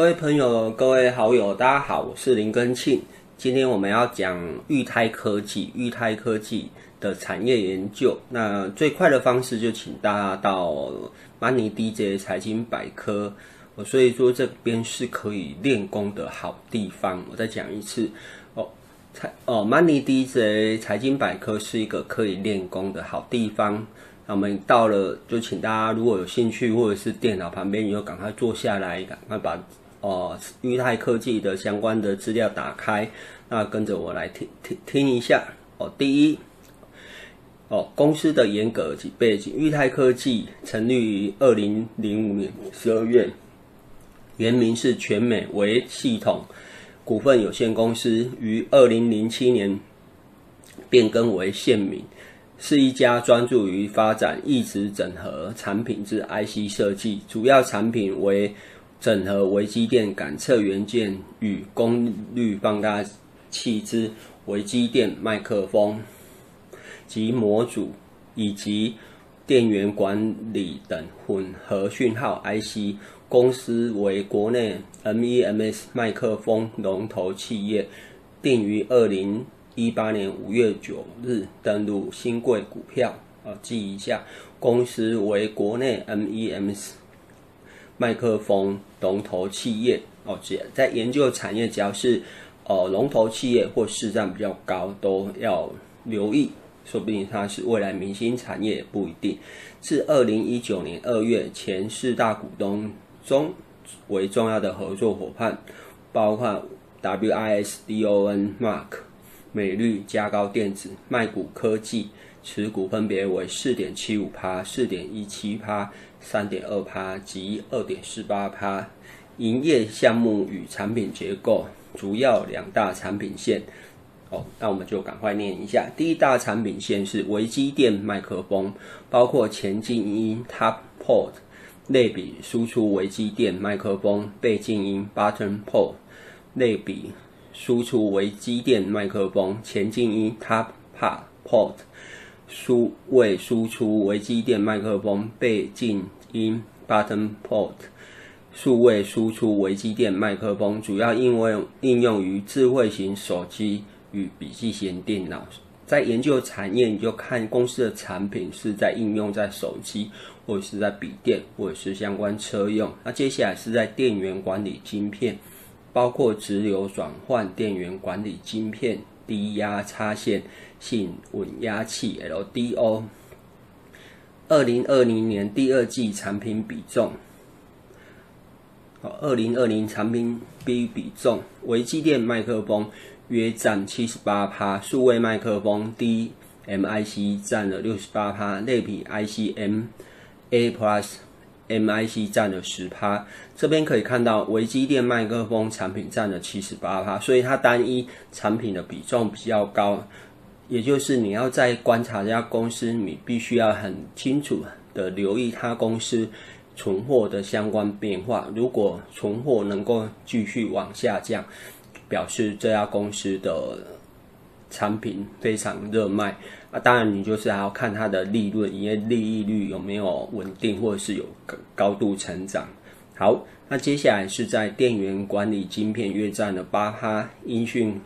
各位朋友，各位好友，大家好，我是林庚慶。今天我們要講育胎科技，育胎科技的產業研究。那最快的方式就請大家到 Money DJ 財經百科，我所以說這邊是可以練功的好地方。我再講一次，哦，財，哦，Money DJ 財經百科是一個可以練功的好地方。那我們到了，就請大家如果有興趣或者是電腦旁邊，你就趕快坐下來，趕快把。哦，裕泰科技的相關的資料打開，那跟着我來聽聽聽一下。哦，第一，哦，公司的嚴格及背景。裕泰科技成立於二零零五年十二月，原名是全美維系統股份有限公司，於二零零七年變更為現名，是一家專注於發展異質整合產品之 IC 設計，主要產品為。整合微機電感測元件與功率放大器之微機電麥克風及模組，以及電源管理等混合訊號 IC。公司為國內 MEMS 麥克風龍頭企業，定於二零一八年五月九日登錄興櫃股票。啊，記一下，公司為國內 MEMS。麥克風龍頭企業哦，只在研究產業，只要是，呃，龍頭企業或市占比較高，都要留意，說不定它是未來明星產業，也不一定。自二零一九年二月前四大股東中為重要的合作夥伴，包括 WISDON、Mark、美率加高電子、麥股科技，持股分別為四點七五趴、四點一七趴。三點二趴及二點四八趴，營業項目與產品結構，主要兩大產品線。哦，那我們就趕快念一下。第一大產品線是微機電麥克風，包括前進音 top port 類比輸出微機電麥克風，背進音 button port 類比輸出微機電麥克風，前進音 top port。數位輸出微機電麥克風、被靜音、button port、數位輸出微機電麥克風主要應用應用於智慧型手機與筆記型電腦。在研究產業，你就看公司的產品是在應用在手機，或者是在筆電，或者是相關車用。那接下來是在電源管理晶片，包括直流轉換電源管理晶片。低壓差線性穩壓器 LDO，二零二零年第二季產品比重，哦，二零二零產品 B 比，比重，微機電麥克風約佔七十八趴，數位麥克風 DMIC 佔了六十八趴，類比 ICMA Plus。MIC 佔了十趴，這邊可以看到維基電麥克風產品佔了七十八趴，所以它單一產品的比重比較高。也就是你要在觀察這家公司，你必須要很清楚的留意它公司存貨的相關變化。如果存貨能夠繼續往下降，表示這家公司的。產品非常熱賣啊，當然你就是還要看它的利潤，因為利益率，有沒有穩定或者是有高高度成長。好，那接下來是在電源管理晶片約佔了八趴，音訊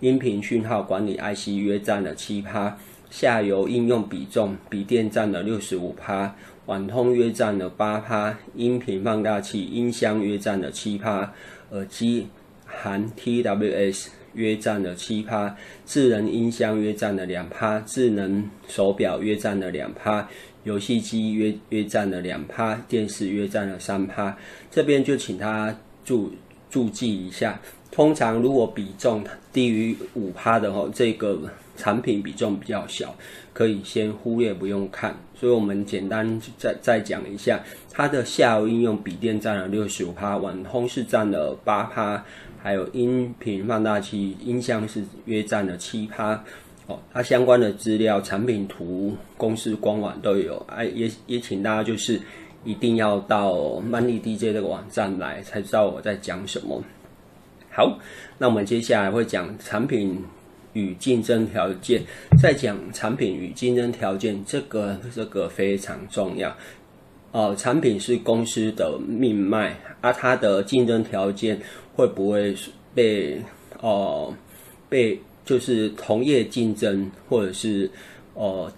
音頻訊號管理 IC 約佔了七趴，下游應用比重筆電佔了六十五趴，網通約佔了八趴，音頻放大器音箱約佔了七趴，耳機含 TWS。約占了七趴，智能音箱約占了兩趴，智能手表約占了兩趴，遊戲機約約占了兩趴，電視約占了三趴。這邊就請他注注記一下。通常如果比重低於五趴的齁，這個。產品比重比較小，可以先忽略不用看。所以，我們簡單再再講一下，它的下游應用，筆電占了六十五趴，網通是占了八趴，還有音頻放大器、音箱是約占了七趴。哦，它相關的資料、產品圖、公司官網都有。哎，也也請大家就是一定要到曼利 DJ 這個網站來，才知道我在講什麼。好，那我們接下來會講產品與競爭條件，再講產品與競爭條件，這個這個非常重要。哦、呃，產品是公司的命脈，而、啊、它的競爭條件會不會被哦、呃、被就是同業競爭，或者是哦、呃、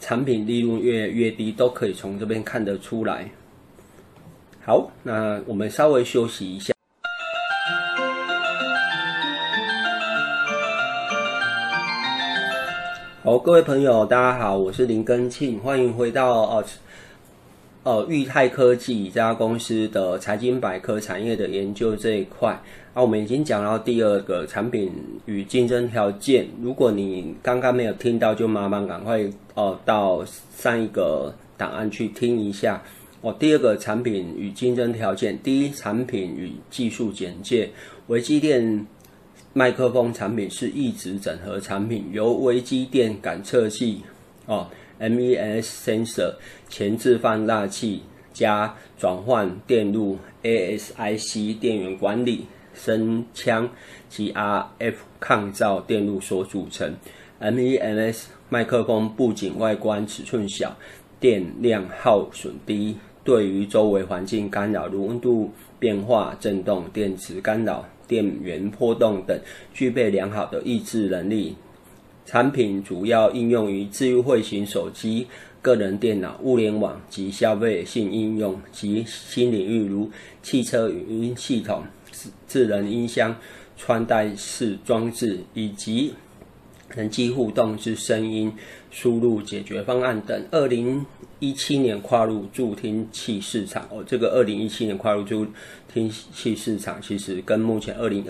產品利潤越越低，都可以從這邊看得出來。好，那我們稍微休息一下。哦、各位朋友，大家好，我是林庚慶，歡迎回到哦哦裕泰科技這家公司的財經百科產業的研究這一塊。啊，我們已經講到第二個產品與競爭條件，如果你剛剛沒有聽到，就麻煩趕快哦到上一個檔案去聽一下。哦，第二個產品與競爭條件，第一產品與技術簡介，維基電。麥克風產品是一直整合產品，由微機電感測器、哦 M E S sensor 前置放大器加轉換電路 A S I C 電源管理、聲腔及 RF 抗噪電路所組成。M E S 麥克風不僅外觀尺寸小，電量耗損低，對於周圍環境干擾如溫度變化、振動、電磁干擾，電源波動等，具備良好的抑制能力。產品主要應用於智慧型手機、個人電腦、物聯網及消費性應用及新領域，如汽車語音系統、智能音箱、穿戴式裝置以及。人機互動是聲音輸入解決方案等。二零一七年跨入助聽器市場哦，這個二零一七年跨入助聽器市場，哦這個、市場其實跟目前二零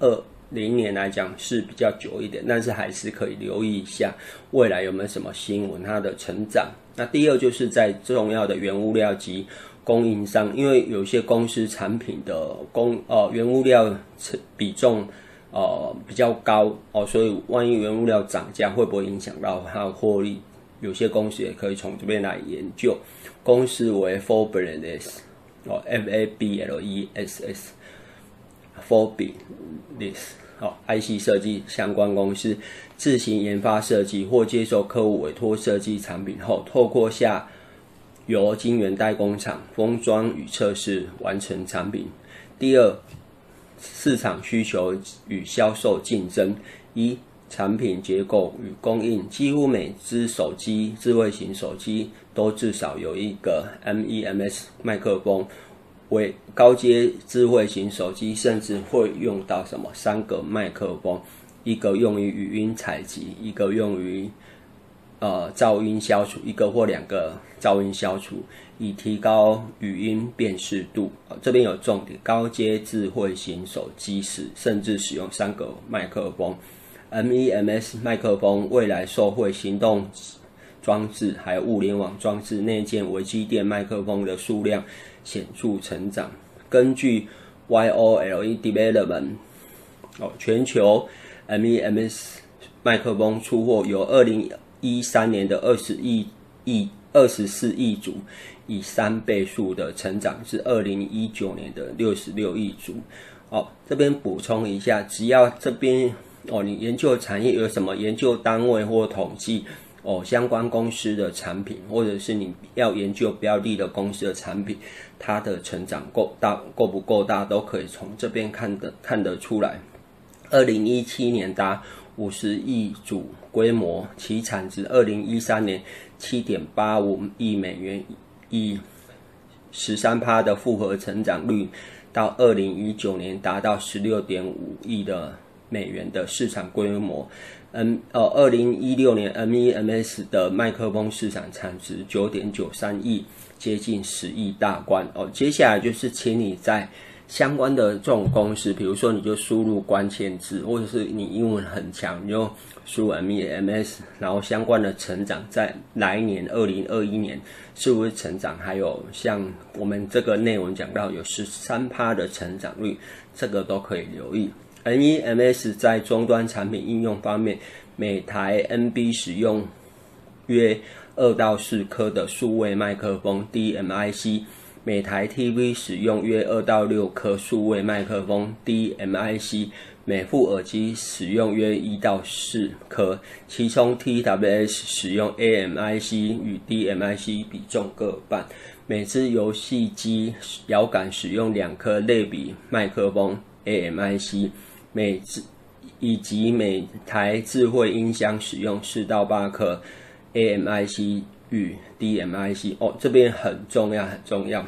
二零年來講是比較久一點，但是還是可以留意一下未來有沒有什麼新聞它的成長。那第二就是在重要的原物料及供應商，因為有些公司產品的供哦原物料成比重。呃，比較高哦，所以萬一原物料漲價，會不會影響到它的獲利？有些公司也可以從這邊來研究。公司為 Fabless 哦，F A B L E S S Fabless 哦，IC 設計相關公司自行研發設計或接受客戶委託設計產品後，透過下游晶圓代工廠封裝與測試完成產品。第二。市場需求與銷售競爭，一產品結構與供應。幾乎每只手機，智慧型手機都至少有一個 MEMS 麥克風，為高階智慧型手機甚至會用到什麼三個麥克風，一個用於語音採集，一個用於。呃，噪音消除一個或兩個噪音消除，以提高語音辨識度。哦，這邊有重點。高階智慧型手機使甚至使用三個麥克風，MEMS 麥克風未來受惠行動裝置還有物聯網裝置內建微機電麥克風的數量顯著成長。根據 YOLE Development，哦，全球 MEMS 麥克風出貨由二零。一三年的二十億24億二十四億組，以三倍數的成長是二零一九年的六十六億組。哦，這邊補充一下，只要這邊哦，你研究產業有什麼研究單位或統計哦，相關公司的產品，或者是你要研究標的的公司的產品，它的成長夠大夠不夠大，都可以從這邊看得看得出來。二零一七年達。五十億組規模，其產值二零一三年七點八五億美元以，以十三趴的複合成長率，到二零一九年達到十六點五億的美元的市場規模。嗯，二零一六年 MEMS 的麥克風市場產值九點九三億，接近十億大關。哦，接下來就是請你在。相關的這種公司，比如說你就輸入關鍵字，或者是你英文很強，你就輸入 MEMS，然後相關的成長在來年二零二一年是不是成長？還有像我們這個內容講到有十三趴的成長率，這個都可以留意。MEMS 在終端產品應用方面，每台 NB 使用約二到四顆的數位麥克風 DMIC。每台 TV 使用約二到六顆數位麥克風 D M I C，每副耳機使用約一到四顆，其中 T W S 使用 A M I C 與 D M I C 比重各半，每只遊戲機搖桿使用兩顆類比麥克風 A M I C，每支以及每台智慧音箱使用四到八顆 A M I C 與 D M I C。哦，這邊很重要，很重要。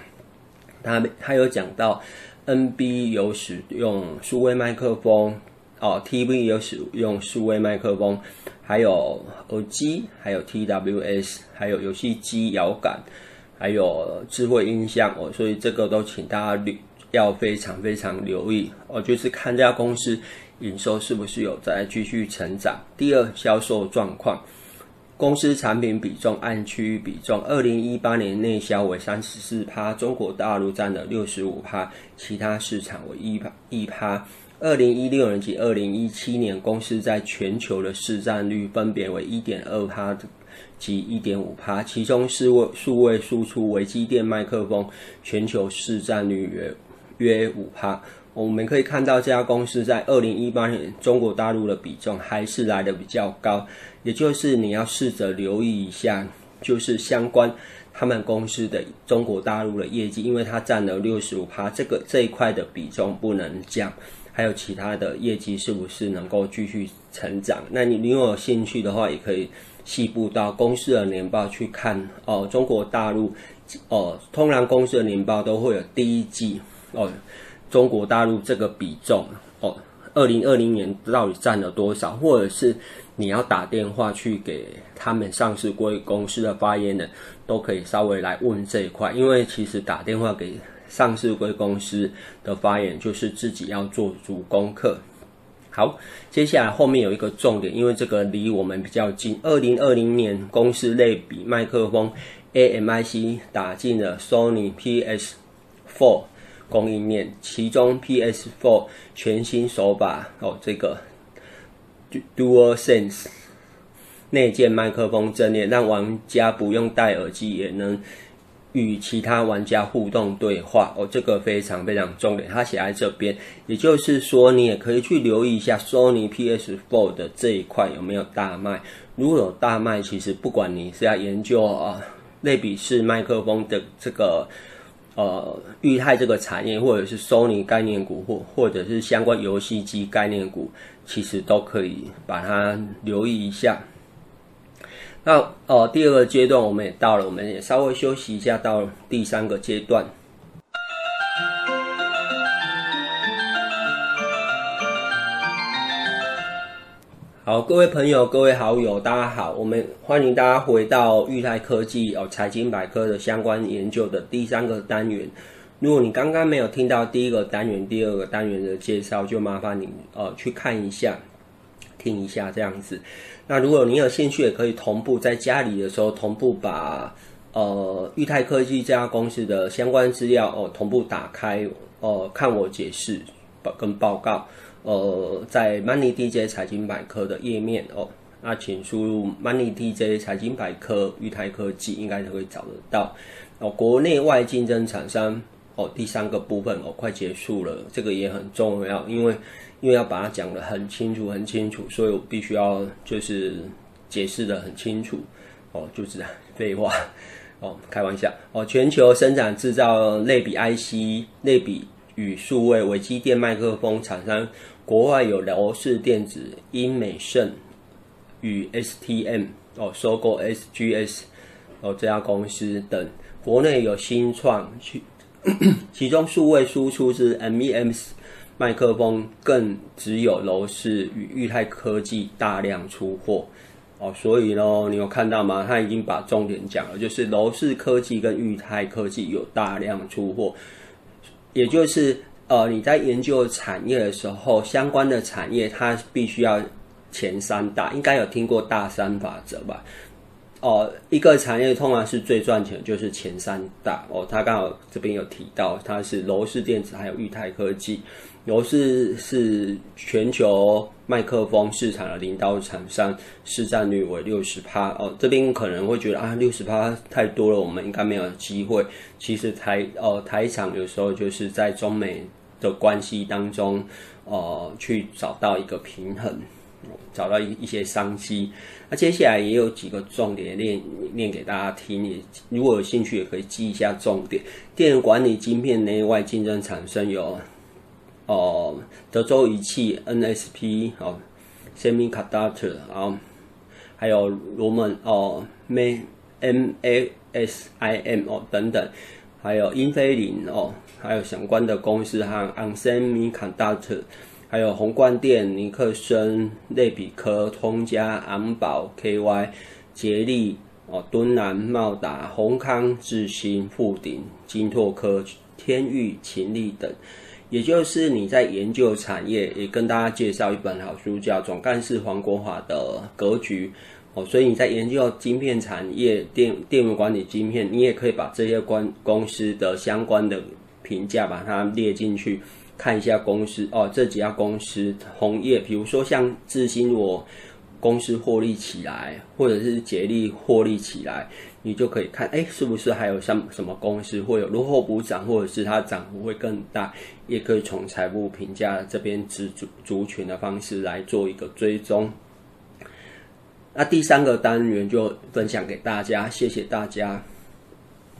他他有講到，NB 有使用數位麥克風哦，TV 有使用數位麥克風，還有耳機，還有 TWS，還有遊戲機搖桿，還有智慧音箱哦，所以這個都請大家留要非常非常留意哦，就是看這家公司營收是不是有在繼續成長。第二，銷售狀況。公司產品比重按區域比重，二零一八年內銷為三十四趴，中國大陸占了六十五趴，其他市場為一趴。一趴。二零一六年及二零一七年，公司在全球的市占率分別為一點二趴及一點五趴，其中數位數位輸出微機電麥克風，全球市占率約約五趴。我們可以看到這家公司在二零一八年中國大陸的比重還是來得比較高，也就是你要試着留意一下，就是相關他們公司的中國大陸的業績，因為它占了六十五趴，這個這一塊的比重不能降。還有其他的業績是不是能夠繼續成長？那你如果有興趣的話，也可以細部到公司的年報去看哦。中國大陸哦，通常公司的年報都會有第一季哦。中國大陸這個比重哦，二零二零年到底占了多少？或者是你要打電話去給他們上市櫃公司的發言人，都可以稍微來問這一塊，因為其實打電話給上市櫃公司的發言，就是自己要做足功課。好，接下來後面有一個重點，因為這個離我們比較近，二零二零年公司類比麥克風 A M I C 打進了 Sony P S Four。供應鏈，其中 PS4 全新手把哦，這個 DualSense 內建麥克風陣列，讓玩家不用戴耳機也能與其他玩家互動對話哦，這個非常非常重點，它寫在這邊，也就是說你也可以去留意一下 Sony PS4 的這一塊有沒有大賣，如果有大賣，其實不管你是要研究啊、呃、類比式麥克風的這個。呃，遇泰這個產業，或者是索尼概念股，或或者是相關遊戲機概念股，其實都可以把它留意一下。那哦、呃，第二個階段我們也到了，我們也稍微休息一下，到第三個階段。好，各位朋友，各位好友，大家好！我們歡迎大家回到裕泰科技哦，財經百科的相關研究的第三個單元。如果你剛剛沒有聽到第一個單元、第二個單元的介紹，就麻煩你呃去看一下、聽一下這樣子。那如果你有興趣，也可以同步在家裡的時候同步把呃裕泰科技這家公司的相關資料哦、呃、同步打開哦、呃，看我解釋跟報告。呃，在 Money DJ 財經百科的頁面哦，那請輸入 Money DJ 財經百科玉泰科技，應該就可以找得到。哦，國內外競爭廠商哦，第三個部分哦，快結束了，這個也很重要，因為因為要把它講得很清楚、很清楚，所以我必須要就是解釋得很清楚。哦，就是這樣，廢話哦，開玩笑哦，全球生產制造類比 IC 類比。與數位微機電麥克風廠商，國外有樓氏電子、英美盛與 STM 哦，收購 SGS 哦，這家公司等，國內有新創去，其中數位輸出是 MEMS 麥克風更只有樓氏與裕泰科技大量出貨哦，所以呢，你有看到嗎？他已經把重點講了，就是樓氏科技跟裕泰科技有大量出貨。也就是，呃，你在研究產業的時候，相關的產業它必須要前三大，應該有聽過大三法則吧？哦，一個產業通常是最賺錢，就是前三大哦。他剛好這邊有提到，他是樓氏電子，還有裕泰科技。樓氏是全球麥克風市場的領導廠商，市占率為六十趴。哦，這邊可能會覺得啊，六十趴太多了，我們應該沒有機會。其實台哦、呃、台廠有時候就是在中美的關係當中哦、呃，去找到一個平衡。找到一一些商機，那、啊、接下來也有幾個重點念念給大家聽，也如果有興趣也可以記一下重點。電源管理晶片內外競爭廠商有，哦、呃、德州儀器 NXP 哦，Semiconductor 哦還有羅門哦 MAXIM 哦等等，還有英飛凌哦，還有相關的公司和 ON Semiconductor。還有虹冠電、尼克森、類比科、通嘉、昂寶、KY、杰力、哦、敦南、茂達、宏康、智新、富鼎、金拓科、天域、秦力等。也就是你在研究產業，也跟大家介紹一本好書，叫《總幹事黃國華的格局》哦。所以你在研究晶片產業、電、電源管理晶片，你也可以把這些關公司的相關的評價，把它列進去。看一下公司，哦，這幾家公司同業，比如說像資金我公司獲利起來，或者是竭力獲利起來，你就可以看，哎，是不是還有像什麼公司，會有落後補漲，或者是它漲幅會更大，也可以從財務評價這邊自組族群的方式來做一個追蹤。那第三個單元就分享給大家，謝謝大家。